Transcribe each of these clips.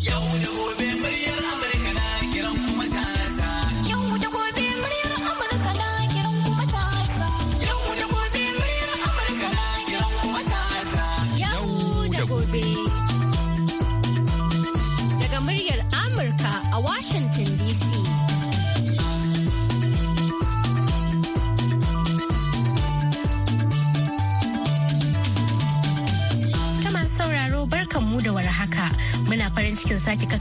Yau da gobe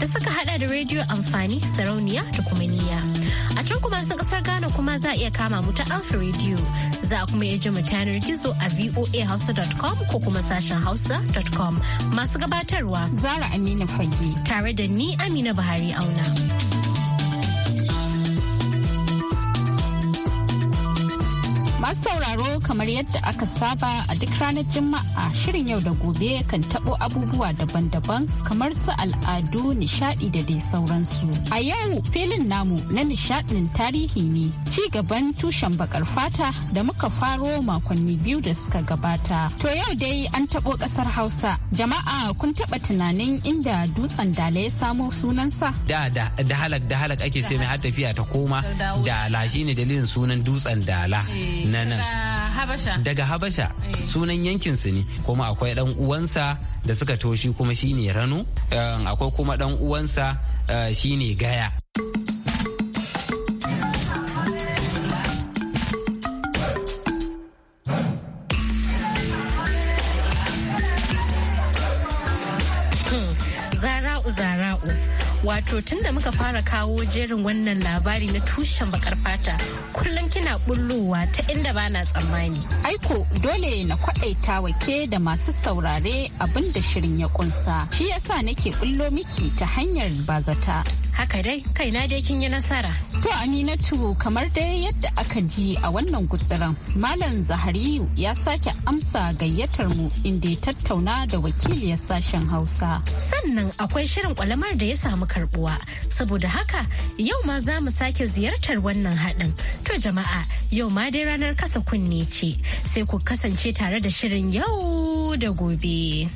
da suka hada da rediyo amfani sarauniya da kuma niyya. A can kuma sun kasar Ghana kuma za a iya kama mu ta Alpha Radio. Za a kuma iya ji mu ta yanar gizo a voahausa.com ko kuma sashen hausa.com. Masu gabatarwa Zara amina Fage tare da ni Amina bahari Auna. Masu sauraro kamar yadda aka saba a duk ranar Juma'a shirin yau da gobe kan tabo abubuwa daban-daban kamar su al'adu, nishadi da dai sauransu. A yau filin namu na nishadin tarihi ne ci gaban tushen bakar fata da muka faro makonni biyu da suka gabata. To yau dai an tabo kasar Hausa. Jama'a kun taba tunanin inda dutsen dala ya samo sunansa? Da da da halak da halak ake ce mai har tafiya ta koma. Dala shine dalilin sunan dutsen dala. Eh. na nan daga habasha eh. sunan yankin su ne kuma akwai dan uwansa da suka toshi kuma shine rano eh, akwai kuma dan uwansa eh, shine gaya To da muka fara kawo jerin wannan labari na tushen bakar fata kullum kina bullowa ta inda ba na tsammani. Aiko dole na kwaɗaita ke da masu saurare abin da shirin ya kunsa. Shi yasa nake bullo miki ta hanyar bazata. haka dai kaina dai kin yi nasara. To Aminatu kamar dai yadda aka ji a wannan gutsiran Malam Zahariyu ya sake amsa gayyatar mu inda ya tattauna da wakili ya sashen Hausa. Sannan akwai shirin kwalamar da ya samu karbuwa saboda haka yau ma za mu sake ziyartar wannan haɗin. To jama'a yau ma dai ranar kasa kunne ce sai ku kasance tare da shirin yau da gobe.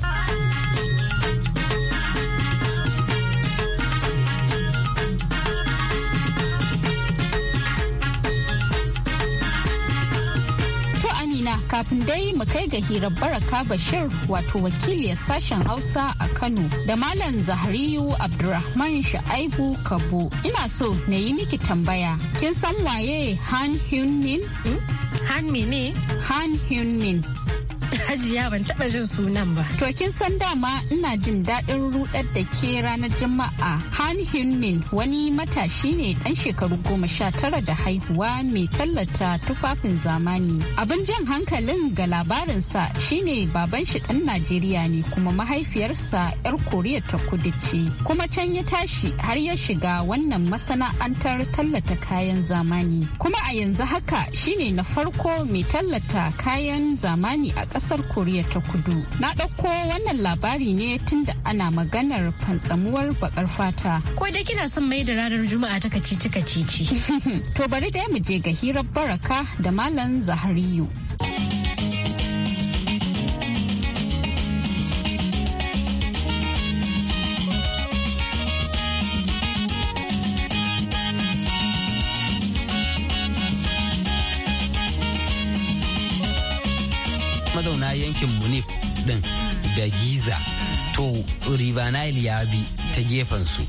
kafin dai mu kai ga hirar baraka bashir wato wakiliyar sashen hausa a kano da malam zahariyu abdulrahman sha'aibu kabo ina so na yi miki tambaya kin san waye han hyun min hmm? han ne? han hyun min hajiya ban taba jin sunan ba. To kin san dama ina jin daɗin rudar da ke ranar Juma'a. Han Hunmin wani matashi ne ɗan shekaru goma sha tara da haihuwa mai tallata tufafin zamani. Abin jan hankalin ga labarinsa shine baban shi ɗan Najeriya ne kuma mahaifiyarsa 'yar Koriya ta kudu ce. Kuma can ya tashi har ya shiga wannan masana'antar tallata kayan zamani. Kuma a yanzu haka shine na farko mai tallata kayan zamani a ƙasar kasar koriya ta kudu na ɗauko wannan labari ne tun da ana maganar fantsamuwar bakar fata ko dai kina son mai da ranar juma'a ta kacici kacici to bari da mu je ga hirar baraka da malam zahariyu da giza to river nile ya bi ta gefen su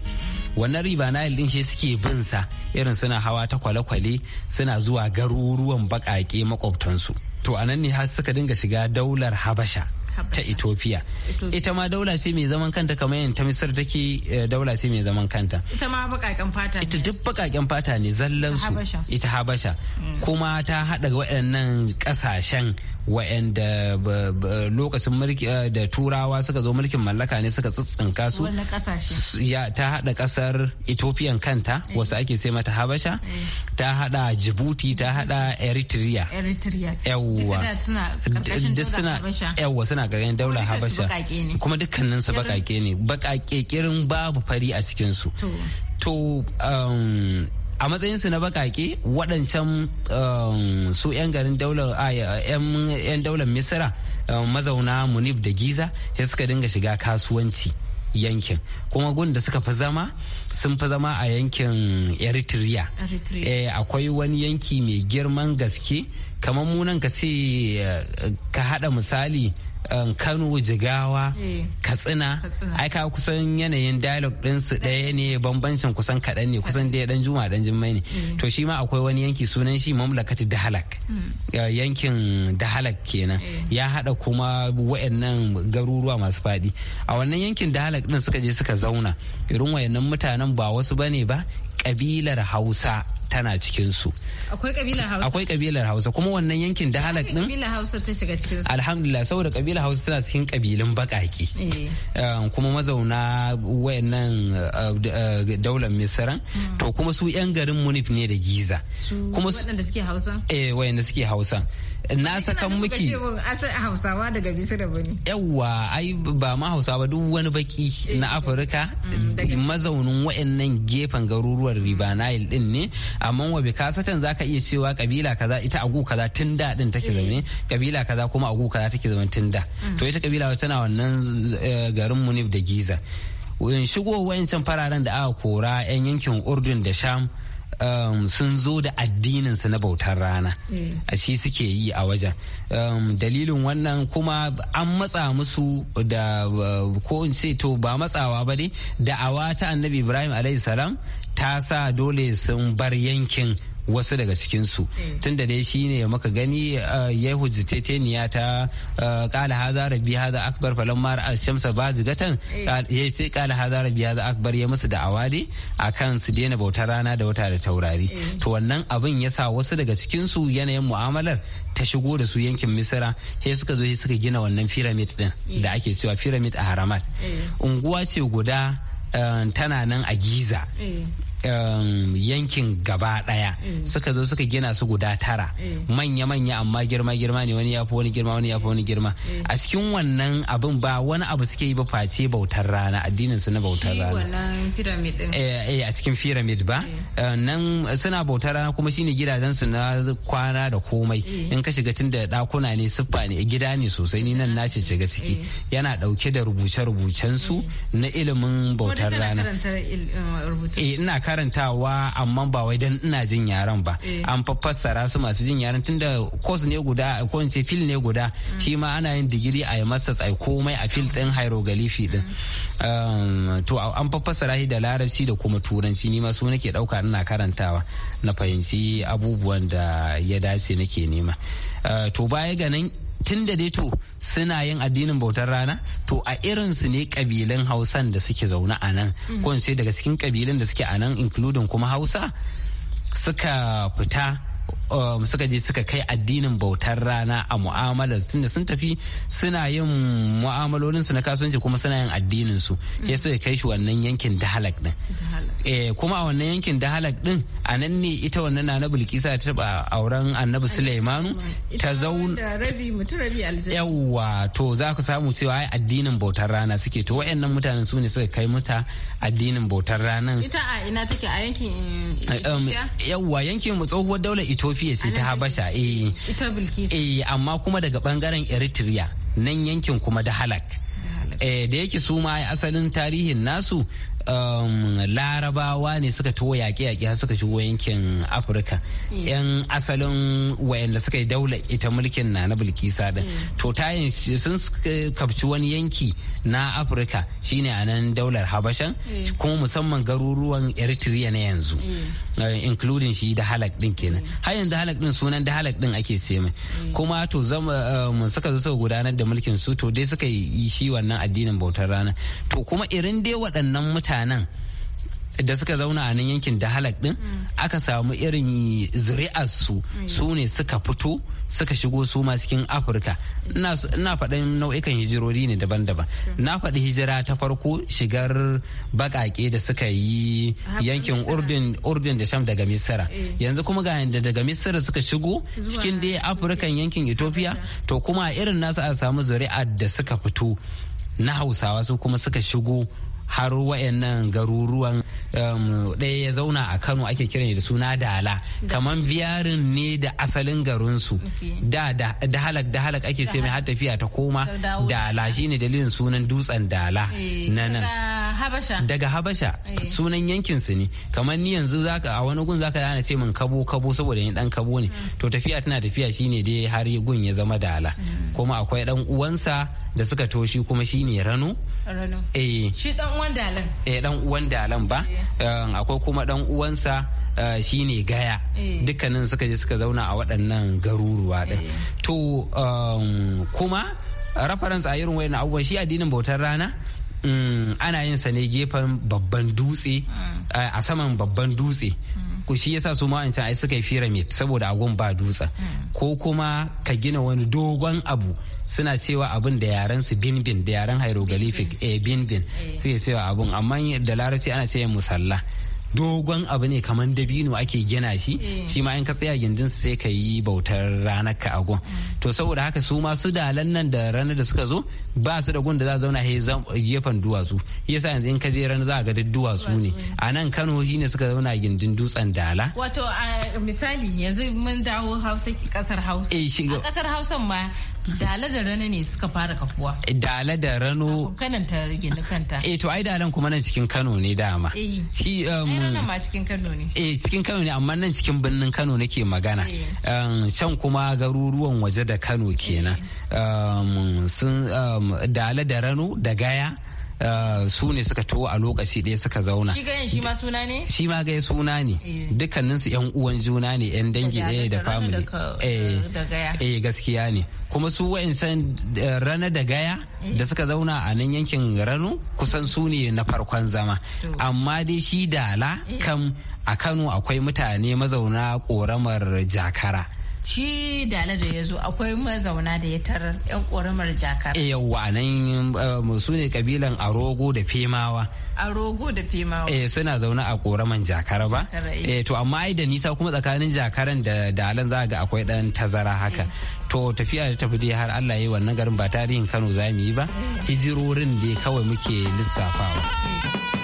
wannan river nile din shi suke bin sa irin suna hawa ta kwale-kwale suna zuwa garuruwan baƙaƙe makwabtansu to anan ne har suka dinga shiga daular habasha ta Ethiopia ita ma daula ce mai zaman kanta kamar yadda ta Misir take eh, daula ce mai zaman kanta ita ma bakaken fata ne ita duk bakaken fata ne zallan su ita Habasha hmm. kuma ta hada waɗannan kasashen waɗanda lokacin mulki eh, da turawa suka zo mulkin mallaka ne suka tsitsinka su ta hada kasar Ethiopian kanta hmm. wasu ake sai mata Habasha hmm. ta hada Djibouti ta hada Eritrea Eritrea yawwa duk suna yawwa suna kana ganin daular habasha kuma dukkanin su bakake ne bakake kirin babu fari a cikin su to um, a matsayinsu na bakake waɗancan um, su 'yan garin daular 'yan daular misira um, mazauna munib da giza ya suka dinga shiga kasuwanci yankin kuma gun da suka fi zama sun fi zama a yankin eritrea eh, akwai wani yanki mai girman gaske kamar munan ka ce eh, ka hada misali Eh, kano jigawa eh. katsina ai ka kusan yanayin dialog ɗinsu ɗaya ne bambancin kusan kaɗan ne kusan daya ɗan juma ɗan jimmai ne eh. to shi ma akwai wani yanki sunan shi mamlakati dahalak mm. yankin dahalak kenan ya haɗa kuma wayannan garuruwa masu faɗi a wannan yankin dahalak ɗin suka je suka zauna irin wayannan mutanen ba wasu bane ba Kabilar hausa tana cikin su akwai kabilar hausa akwai kabilar hausa kuma wannan yankin da halak din kabilar hausa ta shiga cikin su alhamdulillah saboda kabilar hausa suna cikin kabilun bakaki eh. kuma mazauna wayannan eh, eh, daular misran hmm. to kuma su yan garin munif ne da giza kuma su wayanda suke hausa eh wayanda suke hausa na sakan miki hausawa daga misra bane yawa ai ba ma hausawa duk wani baki na afirka hmm, mazaunin wayannan gefen garuruwar riba nile din ne amma wa bi kasatan zaka iya cewa kabila kaza ita agu kaza tun da din take zaune kabila kaza kuma agu kaza take zaune tun da mm. to ita kabila tana wannan eh, garin munif da giza shigo wayancan fararen da aka kora 'yan yankin urdun da sham um, sun zo da addininsu na bautar rana mm. a shi suke yi a wajen um, dalilin wannan kuma an matsa musu da uh, ko in ce to ba matsawa ba ne? da'awa ta annabi ibrahim alaihi salam ta sa dole sun bar yankin wasu daga cikinsu eh. tun da dai shine maka gani eh, ya hujjateteniya ta kala eh, hazara rabbi haza akbar mar a shamsa bazigatan ya sai kala hazara rabbi haza akbar ya musu da'awa a akan su daina bautar rana da wata da taurari to wannan abin ya sa wasu daga cikinsu yanayin mu'amalar ta shigo da su yankin misira sai suka zo sai suka gina wannan pyramid din da ake cewa pyramid a haramat unguwa ce guda tana nan a giza Um, yankin gaba daya mm. suka zo suka gina su guda tara manya-manya mm. amma girma-girma ne wani ya fi wani girma wani ya fi wani girma mm. a cikin wannan abin ba wani abu suke yi ba face bautar rana addinin su na bautar rana eh, eh, a cikin pyramid ba eh, nan suna bautar rana kuma shine gidajen su na kwana da komai in ka shiga tun da dakuna ne siffa ne gida ne sosai ni nan na shiga ciki yana dauke da rubuce-rubucen su na ilimin bautar rana um, ina karantawa amma ba wai dan ina jin yaren ba eh. an fassara su masu jin yaren tunda course ne guda ko in ce fil ne guda mm. shi ma ana yin digiri a masters a komai a fil din hieroglyphy din um, to an fassara shi da larabci da kuma turanci ni ma su nake dauka ina karantawa na fahimci abubuwan da ya dace nake nema uh, to baya ga nan tun da dai to suna yin addinin bautar rana to a irinsu ne kabilan hausan da suke zaune a nan ko daga cikin kabilan da suke a nan including kuma hausa suka fita Um, suka je suka kai addinin bautar rana a mu'amalar tunda sun tafi suna yin mu'amalolin su na kasuwanci kuma suna yin addinin su ya suka kai shi wannan yankin dahalak din eh kuma a wannan yankin dahalak din a nan ne ita wannan na bilkisa ta taba auren annabi sulaimanu ta zauna yawwa to za ku samu cewa ai addinin bautar rana suke to wayannan mutanen su ne suka kai muta addinin bautar ranan ita a ina take a yankin eh, um, yawwa yankin tsohuwar daular ethiopia ethiopia ta habasha eh eh amma kuma daga bangaren eritrea nan yankin kuma da halak eh, da yake su ma asalin tarihin nasu Um, larabawa ne suka tuwo yaƙe-yaƙe har suka shigo yankin afirka yan asalin wayanda suka yi daula ita mulkin na na bilkisa din mm. to tayin sun eh, kafci wani yanki na afirka shine a nan daular habashan mm. kuma musamman garuruwan eritrea na yanzu mm. eh, including shi da halak din kenan har yanzu halak din sunan da halak din ake ce mai kuma to zama eh, um, suka zo suka gudanar da mulkin su to dai suka yi shi wannan addinin bautar rana to kuma irin dai waɗannan mutane mutanen da suka zauna a nan yankin da halak din mm. aka samu irin zuri'arsu mm. su ne suka fito suka shigo su ma cikin afirka na faɗin nau'ikan hijirori ne daban-daban na faɗi hijira ta farko shigar baƙaƙe da suka yi yankin urdin da sham daga misira eh. yanzu kuma ga yadda daga misira suka shigo cikin dai afirkan yankin ethiopia to kuma irin nasu a samu zuri'ar da suka fito na hausawa su kuma suka shigo har wayannan garuruwan um, ɗaya ya zauna a kano ake kiran da suna dala kamar biyarin ne da asalin garinsu da halak da halak ake ce mai har tafiya ta koma dala shine dalilin sunan dutsen dala eh, na nan daga habasha eh. sunan yankinsu ne kamar ni yanzu a wani gun zaka dana ce min kabo kabo saboda ni dan kabo ne hmm. to tafiya tana tafiya shine dai har gun ya zama dala hmm. kuma akwai dan uwansa da suka toshi kuma shine rano eh shi dan uwan dalan eh dan uwan dalan ba eh. Eh, akwai kuma dan uwansa eh, shine gaya dukkanin suka je suka zauna a waɗannan garuruwa ɗin to um, kuma reference a irin wayan abubuwan shi addinin bautar rana mm, ana yin sa ne gefen babban dutse mm. a saman babban dutse mm. ku shi yasa su ma'ancan ai suka yi saboda agun ba dutsen ko kuma ka gina wani dogon abu suna cewa abin da yaren su binbin da yaren hieroglyphic eh binbin eh. suke cewa abun amma da larabci ana ce musalla dogon abu ne kamar dabino ake gina shi eh. shi ma in ka tsaya gindin su sai ka yi bautar ranar ka agon mm. to saboda haka su ma su dalan nan da ranar da suka zo ba su da gun da za zauna gefen duwatsu yasa yanzu in ka je ranar za ga duk duwatsu ne a nan Kano shi ne suka zauna gindin dutsen dala wato misali yanzu mun dawo Hausa ki kasar Hausa eh, a kasar Hausa ma Dala da rano ne suka fara kafuwa. Dala da rano. Kanan ta rage na kanta. Eh to ai dalan kuma nan cikin Kano ne dama. Eh. Shi um Ai ma cikin Kano ne. Eh cikin Kano ne amma nan cikin birnin Kano nake magana. Eh. Um can kuma garuruwan waje da Kano kenan. Eh. Um sun um Dala da rano da Gaya. Eh, su ne suka tuwo a lokaci ɗaya suka zauna shi gayen shi ma suna ne shi ma gaya suna ne eh. dukkanin su yan uwan juna ne yan dangi ɗaya da family eh. eh gaskiya ne kuma su wa'insan rana da gaya da suka zauna a nan yankin rano kusan su ne na farkon zama amma dai shi dala kam a kano akwai mutane mazauna ƙoramar jakara shi dala da ya zo akwai mazauna da ya tarar yan ƙoramar jakar e eh, yawwa nan um, su ne kabilan arogo da femawa arogo da femawa e suna zaune a ƙoramar jakar ba e to amma ai da nisa kuma tsakanin jakaran da dalan za ga akwai dan tazara haka to tafiya ta tafi dai har Allah ya yi wannan garin ba tarihin Kano za mu yi ba hijirorin dai kawai muke lissafawa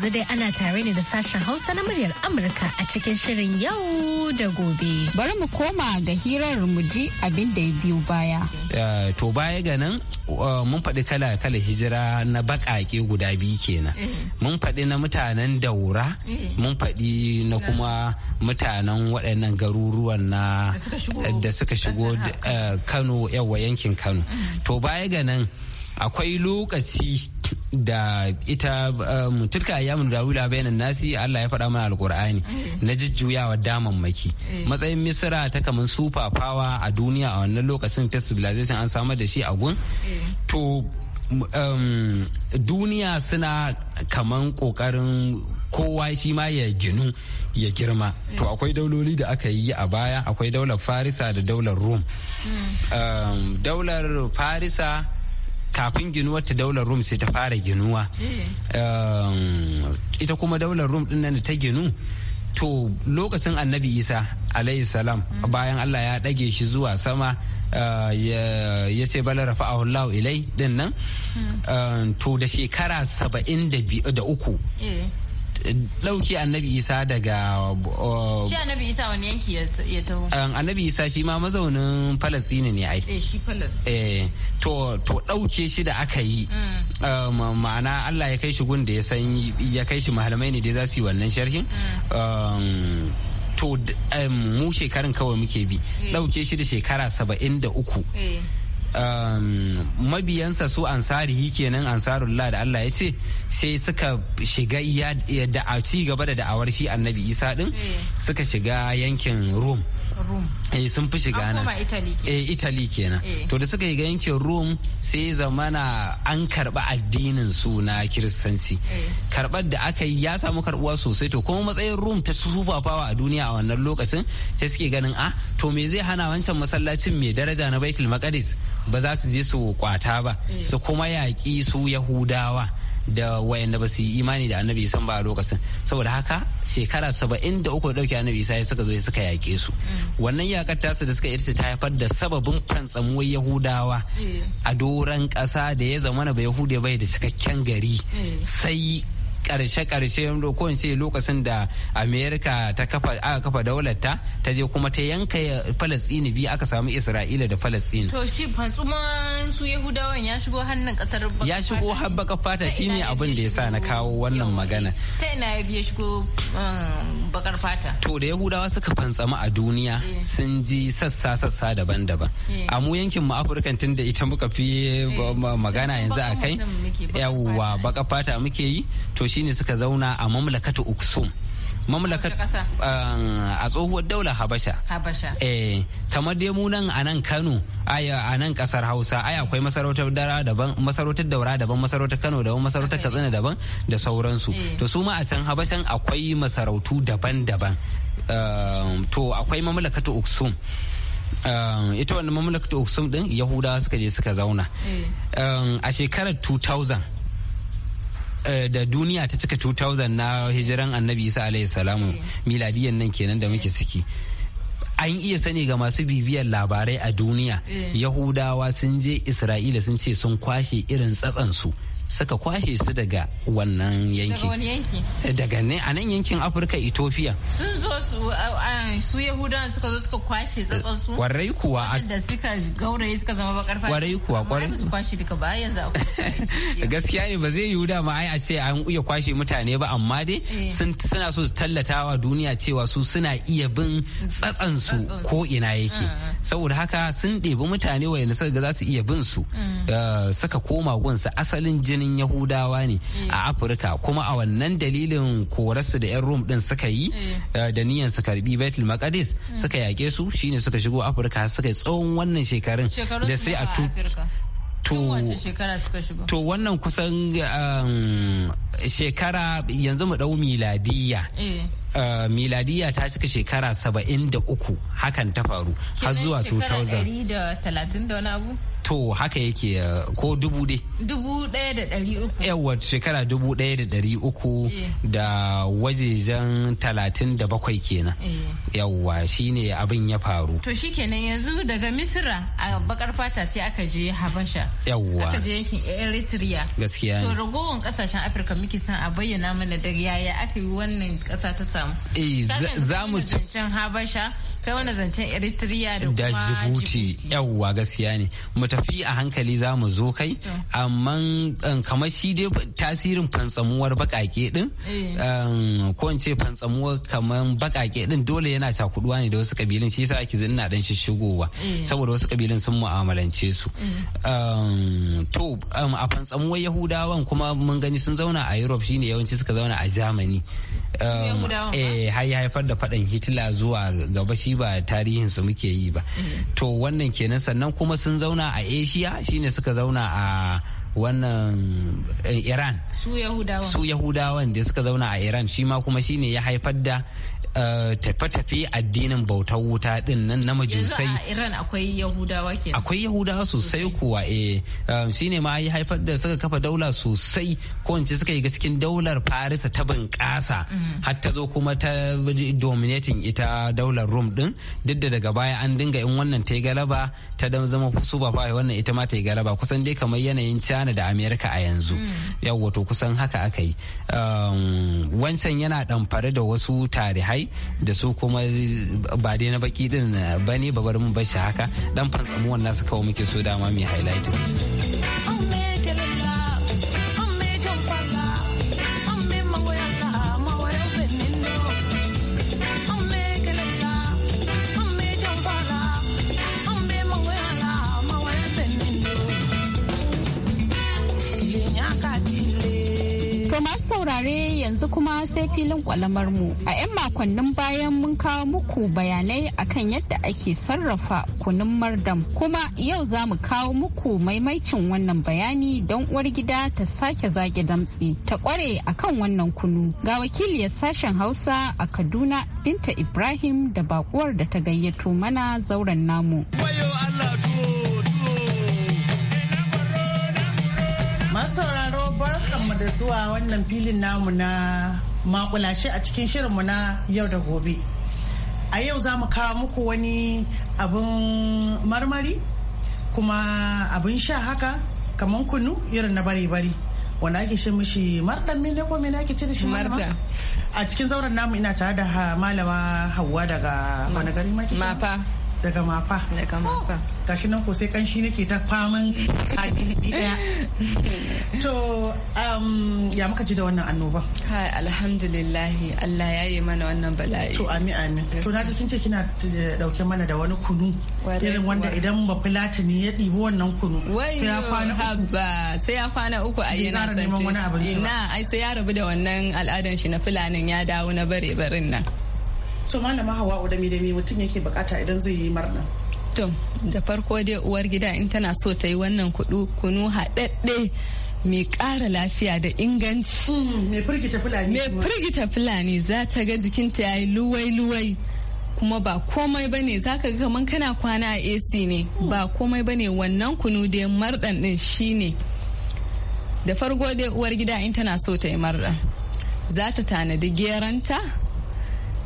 yanzu dai ana tare ne da sashen Hausa na muryar Amurka a cikin shirin yau da gobe. Bari mu koma ga hirar mu ji abin da ya biyo baya. To baya ga nan mun faɗi kala kala hijira na baƙaƙe guda biyu kenan. Eh. Mun faɗi na mutanen daura, eh. mun faɗi na kuma mutanen waɗannan garuruwan na da suka shigo eh, Kano yawa yankin Kano. Mm. To baya ga nan akwai lokaci da ita eh, um, tilka ayyamin dawila bayanan nasi Allah ya faɗa mana alkur'ani na jujjuyawa damammaki matsayin misira ta kaman super a duniya a wannan lokacin first civilization an samar da shi a gun to um, duniya suna kaman kokarin kowa shi ma ya ginu ya girma to akwai dauloli da aka yi a baya akwai daular farisa da daular rum mm. um, daular farisa kafin ginuwar ta daular rum sai ta fara ginuwa eh. um, ita kuma daular rum din nan ta ginu to lokacin annabi isa alayhi salam mm. bayan allah ya ɗage shi zuwa sama uh, ya ce bala rafa ilai din nan mm. um, to da shekara saba'in da uku eh. ɗauki annabi isa daga uh, shi annabi isa wani yanki ya taho um, annabi isa shi ma mazaunin falasini ne ai eh, eh to to ɗauke shi da aka yi mm. um, ma'ana allah ya kai shi gun da ya san ya kai shi malamai ne da za su yi wannan sharhin mm. um, to mu shekarun kawai muke bi eh. ɗauke shi da shekara saba'in da uku eh. Um, mabiyansa su ansarihi kenan ansarullah da Allah ya ce sai suka shiga da a ci gaba da da'awar shi annabi isa din eh. suka shiga yankin rome Rome. Eh sun fi shiga nan. Italy. Eh Italy kenan. Eh. To da suka shiga yankin Rome sai zamana an karba addinin su na Kiristanci. Eh. Karbar da aka yi ya samu karbuwa sosai to kuma matsayin Rome ta sufafawa a duniya a wannan lokacin sai suke ganin a ah, to me zai hana wancan masallacin mai daraja na Baitul Maqdis ba za su je su kwata ba eh. su kuma yaƙi su Yahudawa. da wayanda ba su yi imani da annabi isan ba a lokacin saboda haka shekara saba'in da uku da dauke annabi isa suka zo suka yaƙe su wannan yaƙar tasu da suka yi ta haifar da sababin tantsamuwar yahudawa eh. a doron ƙasa da ya zamana ba yahude bai da cikakken gari eh. sai karshe-karshe ko in ce lokacin da amerika ta kafa aka kafa daularta ta je kuma ta yanka falastini bi aka samu isra'ila da falastini to shi fantsuman su yahudawan ya shigo hannun kasar baka ya shigo har baka fata shine abin da ya sa na kawo wannan magana ta ina ya biya shigo um, bakar fata to da yahudawa suka fantsama a duniya eh. sun ji sassa sassa daban-daban eh. a mu yankin mu afirka tun da ita muka fi eh. magana yanzu a kai yawwa baka fata muke yi to shine suka zauna a mamlakatu uksum mamlakat a tsohuwar daular habasha habasha eh kamar dai mu nan a nan kano Aya a nan kasar hausa ai akwai masarautar dara daban masarautar daura daban masarautar kano daban masarautar katsina daban da sauransu eh. to su ma a can habashan akwai masarautu daban-daban ehm, to akwai mamlakatu uksum ehm, ita wannan mamlakatu uksum din yahudawa suka je suka zauna eh. ehm, a shekarar 2000 Eh, da duniya ta cika 2000 na hijiran annabi isa alayhi salamu eh. miladiyan nan kenan da muke ciki an iya sani ga masu bibiyar labarai a duniya eh. yahudawa sun je isra'ila sun ce sun kwashe irin tsatsansu su suka kwashe su daga wannan yanki eh, daga ne a nan yankin afirka ethiopia sun zo su uh, uh, Su yahudan suka zo suka kwashe su kwarai kuwa da suka gauraye suka zama bakar fashi kwarai kuwa kwarai su kwashe duka ba yanzu gaskiya ne ba zai yi da ma ai a ce an iya kwashe mutane ba amma dai eh. suna so su tallata wa duniya cewa su suna iya bin su ko ina yake ah, ah. saboda haka sun ɗebi mutane wayanda suka ga za su iya bin su mm. eh, suka koma gunsa asalin jin jinin yahudawa ne a mm. afirka kuma a wannan dalilin korarsu da yan rum din suka yi mm. eh, da niyan su karbi baitul maqdis mm. suka yake su shine suka shigo afirka suka yi tsawon wannan shekarun da sai a to wannan kusan um, shekara yanzu mu dau miladiya Uh, miladiya ta cika shekara saba'in da uku hakan ta faru har zuwa 2000 da talatin da wani abu to haka yake uh, ko dubu dai dubu ɗaya da ɗari uku yawa shekara dubu ɗaya da ɗari uku eh. da wajejen talatin da bakwai kenan eh. yawa shine abin ya faru to shikenan yanzu daga misira a bakar fata sai aka je habasha yawa aka je yankin eritrea gaskiya to ragowar kasashen afirka muke son a bayyana mana da yaya aka yi wannan kasa ta samu eh za mu habasha kai wani zancen eritrea da jibuti yawwa gaskiya ne mu tafi a hankali za mu zo kai amma um, kamar shi dai tasirin fantsamuwar bakake din eh. um, ko in ce fantsamuwar kamar bakake din dole yana cakuduwa ne da wasu kabilun shi yasa ake na dan shishigowa eh. saboda wasu kabilun sun mu'amalance su mm. um, to a fantsamuwar yahudawan kuma mun gani sun zauna a europe shine yawanci suka zauna a germany eh har haifar da faɗan hitler zuwa gaba shi shi ba tarihin su muke yi ba to wannan kenan sannan kuma sun zauna a asia shine suka zauna a wannan eh, iran su yahudawan da suka zauna a iran shi ma kuma shine ya haifar da Eh, tafe-tafe addinin bautar wuta din nan na majusai Iran akwai Yahudawa akwai Yahudawa sosai kuwa eh, eh shine ma yi haifar da suka kafa daula sosai ko in suka yi cikin daular Farisa ta bunƙasa mhm. har ta zo kuma ta dominating ita daular Rum din duk da daga baya an dinga in wannan ta yi galaba ta dan zama ba fa wannan ita ma ta yi galaba kusan dai kamar yanayin China da America a yanzu mm. yawwa to kusan haka aka yi um, wancan yana ɗamfare da wasu tarihi hai da su kuma ba dai na baki din eh, ba ne ba bari mu bashi haka dan wannan nasu kawo muke so dama mai highlighting masu saurare yanzu kuma sai filin kwalamar mu a 'yan makonnin bayan mun kawo muku bayanai akan yadda ake sarrafa kunun mardam kuma yau za mu kawo muku maimaicin wannan bayani don uwar gida ta sake zage damtse ta kware akan wannan kunu ga wakiliyar sashen hausa a kaduna binta ibrahim da bakuwar da ta gayyato mana zauren namu. da zuwa wannan filin namu na makulashe a cikin shirinmu na yau da gobe. A yau za mu kawo muku wani abin marmari kuma abin sha haka kamar kunu irin na bare-bare wanda ake shi mishi marɗan mene ko mene ake ce da shi marda a cikin zauren namu ina tare da malama hawa daga wani gari mafa daga mafa daga oh, mafa gashi nan ko sai kanshi nake ta faman sati daya to um, ya muka ji da wannan annoba kai alhamdulillah Allah ya yi mana wannan bala'i to amin amin to na cikin ce kina eh, dauke mana da wani kunu irin wanda idan ba ne ya dibo wannan kunu sai ya kwana haba sai ya kwana uku a yana santi ina ai sai ya rabu da wannan al'adan shi na filanin ya dawo na bare barin nan to malama hawa da da me mutum yake bukata idan zai yi marna to da farko dai uwar gida in tana so ta yi wannan kudu kunu haɗaɗɗe mai ƙara lafiya da inganci. Mai mm, firgita fulani. Mai firgita fulani za ta ga jikinta ya yi luwai-luwai kuma ba komai ba ne za ka ga kamar kana kwana a AC ne ba komai ba ne wannan kunu dai marɗan ɗin shi ne. Da farko dai uwar gida in tana so ta yi marɗan. Za ta tanadi geranta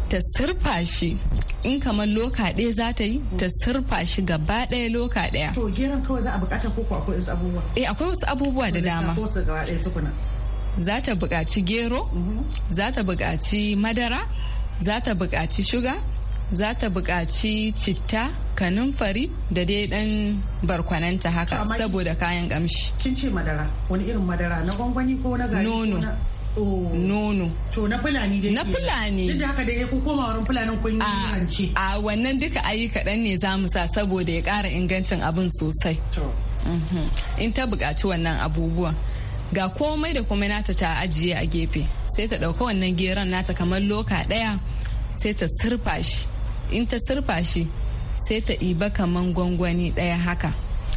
ta sirfa shi in kamar loka ɗaya za ta yi ta sirfa shi gaba ɗaya loka ɗaya. To geran kawai za a bukata ko akwai wasu abubuwa? Eh akwai wasu abubuwa da dama. Za ta buƙaci gero, mm-hmm. za ta buƙaci madara, za ta buƙaci shuga, za ta buƙaci citta, kanunfari da dai dan barkwananta haka saboda kayan kamshi. Kin ce madara, wani irin madara na gwangwani ko na gari? Nono. Oh. nono to na fulani na fulani duk da haka dai eh, kun koma wurin fulanin kun yi hanci a wannan duka ayi kaɗan ne za mu sa saboda ya ƙara ingancin abin sosai mhm. in ta buƙaci wannan abubuwa. ga komai da komai nata ta ajiye a gefe sai ta ɗauka wannan geron nata kamar loka ɗaya sai ta in ta sirfa sai ta iba kamar gwangwani ɗaya haka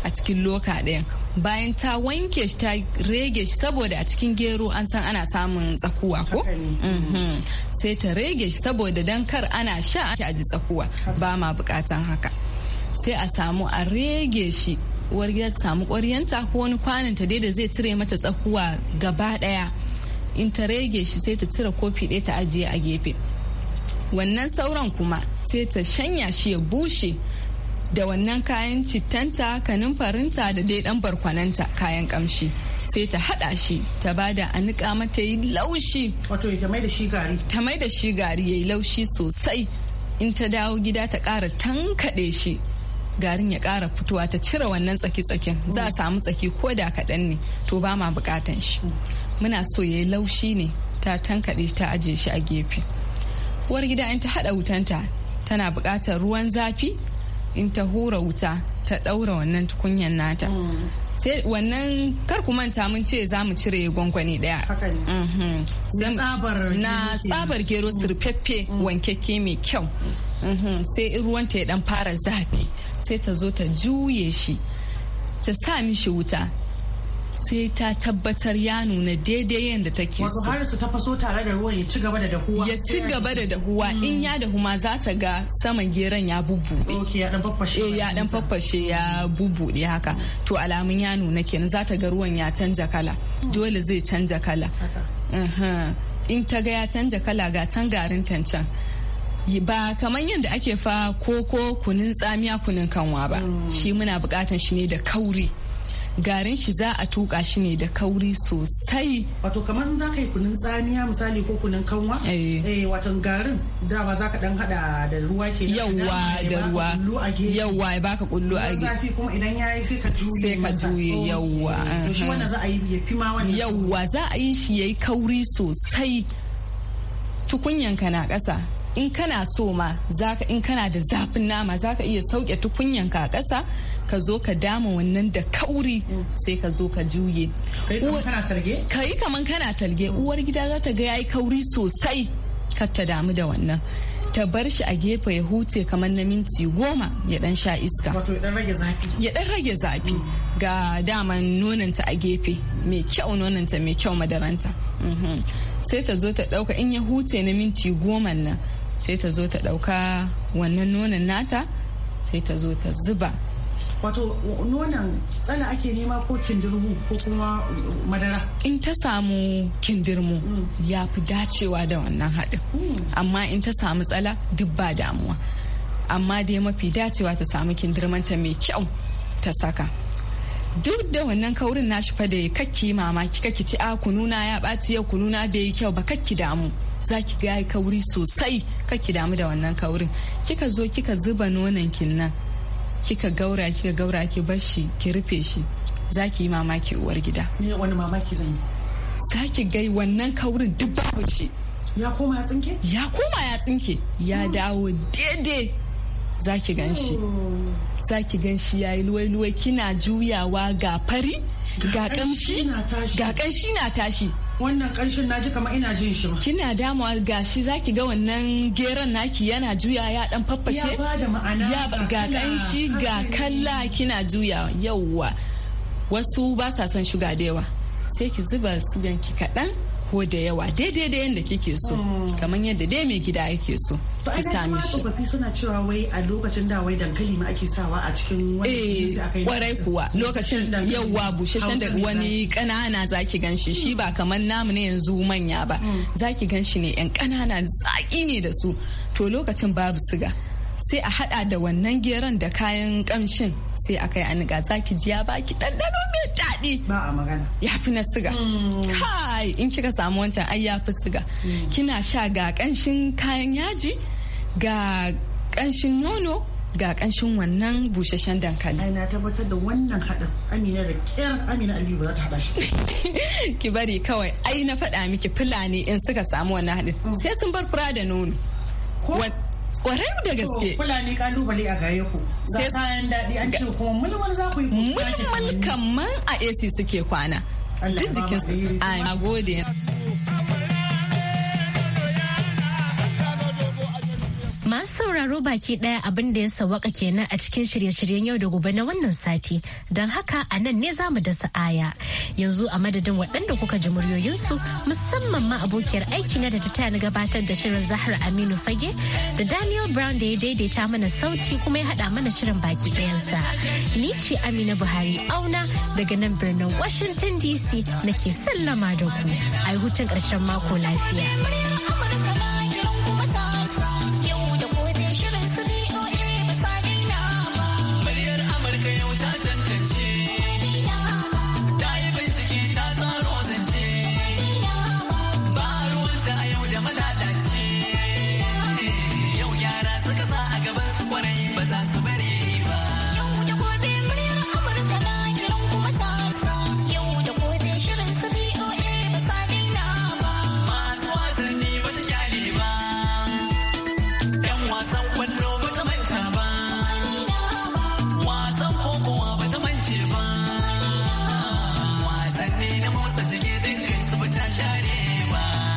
a cikin loka ɗaya. bayan ta wanke shi ta rege shi saboda a cikin gero an san ana samun tsakuwa ko mhm. sai ta rege shi saboda dan kar ana sha a ji tsakuwa ba ma bukatan haka sai a samu a rege shi uwar ta samu ƙwaryanta ko wani kwanin ta da zai cire mata tsakuwa gaba ɗaya in ta rege shi sai ta cire kofi ɗaya ta ajiye a gefe wannan sauran kuma sai ta shanya shi ya bushe da wannan kayan cittanta kanunfarinta da dai dan barkwananta kayan kamshi sai ta hada shi ta bada a niƙa mata yi laushi wato ta mai da shi gari ta mai da shi gari yayi laushi sosai in ta dawo gida ta ƙara tankaɗe shi garin ya ƙara fitowa ta cire wannan tsaki-tsakin za a samu tsaki ko da kaɗan ne to ba ma buƙatan shi muna so yayi laushi ne ta tankaɗe ta ajiye shi a gefe uwar gida in ta haɗa wutanta tana buƙatar ruwan zafi in ta hura wuta ta ɗaura wannan tukunyan nata mm. sai wannan kar ku manta mun ce za mu cire gwangwani daya mhm. na tsabar gero surfeffe mm. mm. wankeke mai kyau mhm. sai in ruwanta ya dan fara zafi sai ta zo ta juye shi ta sa mishi wuta sai ta tabbatar ya nuna daidai yadda take so. Wato har su tafaso tare da ruwan ya ci gaba da dahuwa. Ya ci gaba da dahuwa hmm. in ya dahu ma za ta ga saman geron ya bubbuɗe. Ok ya dan eh, faffashe. ya dan bubbuɗe haka. To alamun ya nuna kenan za ta ga ruwan ya canja kala. Hmm. Dole zai canza kala. In ta ga ya canza kala ga tangarin tancan. ba kamar yadda ake fa koko kunin tsamiya kunin kanwa ba hmm. shi muna bukatan shi ne da kauri garin shi za a tuka shi ne da kauri sosai wato kamar za ka yi kunun tsamiya misali ko kunun kanwa eh, eh wato garin da ba za ka dan hada da ruwa ke Yawwa da ruwa yawwa ya baka kullu a gefe zafi kuma idan ya yi sai ka juye sai ka juye yawwa. to shi wannan za a yi ya fi ma wannan Yawwa za a yi shi yayi kauri sosai tukunyanka na ƙasa in kana so ma in kana da zafin nama za ka iya sauke tukunyanka a ƙasa ka zo ka dama wannan da kauri mm. sai ka zo ka juye ka kaman kana talge uwar gida za ta ga yayi kauri sosai kar ta damu da wannan ta bar shi a gefe ya huce kamar na minti goma ya dan sha iska wato ya dan rage zafi ya dan rage zafi mm. ga daman nonanta a gefe mai kyau nonanta mai kyau madaranta mhm. sai ta zo ta dauka in ya huce na minti goma nan sai ta zo ta dauka wannan nonan nata sai ta zo ta zuba wato nonon tsala ake nema ko kindirmu ko kuma madara in ta samu kindirmu mm. ya fi dacewa da wannan haɗin mm. amma in ta samu tsala duk ba damuwa amma dai mafi dacewa ta samu kindirmanta mai kyau ta saka duk da wannan kaurin na fa da kakki mamaki kakki ci a ah, kununa ya ɓaci yau kununa bai yi kyau ba kakki damu za ki ga kauri sosai kakki damu da wannan kaurin kika zo kika zuba nonon kin nan kika gaura kika gaura ki bar shi ki rufe shi za ki yi mamaki uwar gida me wani mamaki zan yi za ki gai wannan kaurin duk babu shi ya koma ya tsinke ya koma ya tsinke ya hmm. dawo daidai za ki gan shi hmm. za ki gan shi ya yi luwai-luwai kina juyawa ga fari ga ƙanshi na tashi wannan kanshin na ji kamar ina jin shi ma kina damuwa gashi zaki ga wannan geran naki yana juya ya dan faffashe ya bada ma'ana ya ga kanshi ga kalla kina juya yawwa wasu ba sa son shuga da yawa sai ki zuba sugan ki kaɗan ko da yawa daidai da yadda kike so kamar yadda dai mai gida yake so ki ta mishi tsofaffi suna cewa wai a lokacin da wai dankali ma ake sawa a cikin wani eh, kwarai kuwa lokacin yawa busheshen da wani kanana zaki ganshi shi mm. ba kamar namu ne yanzu manya ba mm. zaki ganshi ne yan kanana zaki ne da su to lokacin babu siga sai a hada da wannan geron da kayan kamshin sai aka yi a niƙa za ki ji ya baki ɗanɗano mai daɗi. Ba a magana. Ya fi na siga. Mm. Kai in kika samu wancan ai ya fi siga. Mm. Kina sha ga ƙanshin kayan yaji ga ƙanshin nono ga ƙanshin wannan busasshen dankali. Ai na tabbatar da wannan haɗin Amina da ƙyar Amina Aliyu ba za ta haɗa shi. Ki bari kawai ai na faɗa miki Fulani in suka samu wannan haɗin mm. sai sun bar fura da nono. Kwarai da gaske. Fulani kalubale a gare ku. Ga kayan daɗi an ce kuma mulmul za ku yi Mulmul kamar a AC suke kwana. Allah ya ba gode. sauraro baki daya abin da ya sawaka kenan a cikin shirye-shiryen yau da gobe na wannan sati don haka a nan ne zamu da aya yanzu a madadin waɗanda kuka ji muryoyinsu musamman ma abokiyar aiki na da ta na gabatar da shirin zahar aminu fage da daniel brown da ya daidaita mana sauti kuma ya haɗa mana shirin baki ɗayansa ni ce amina buhari auna daga nan birnin washington dc nake sallama da ku a hutun ƙarshen mako lafiya. su cikin dinkin su fita sharewa.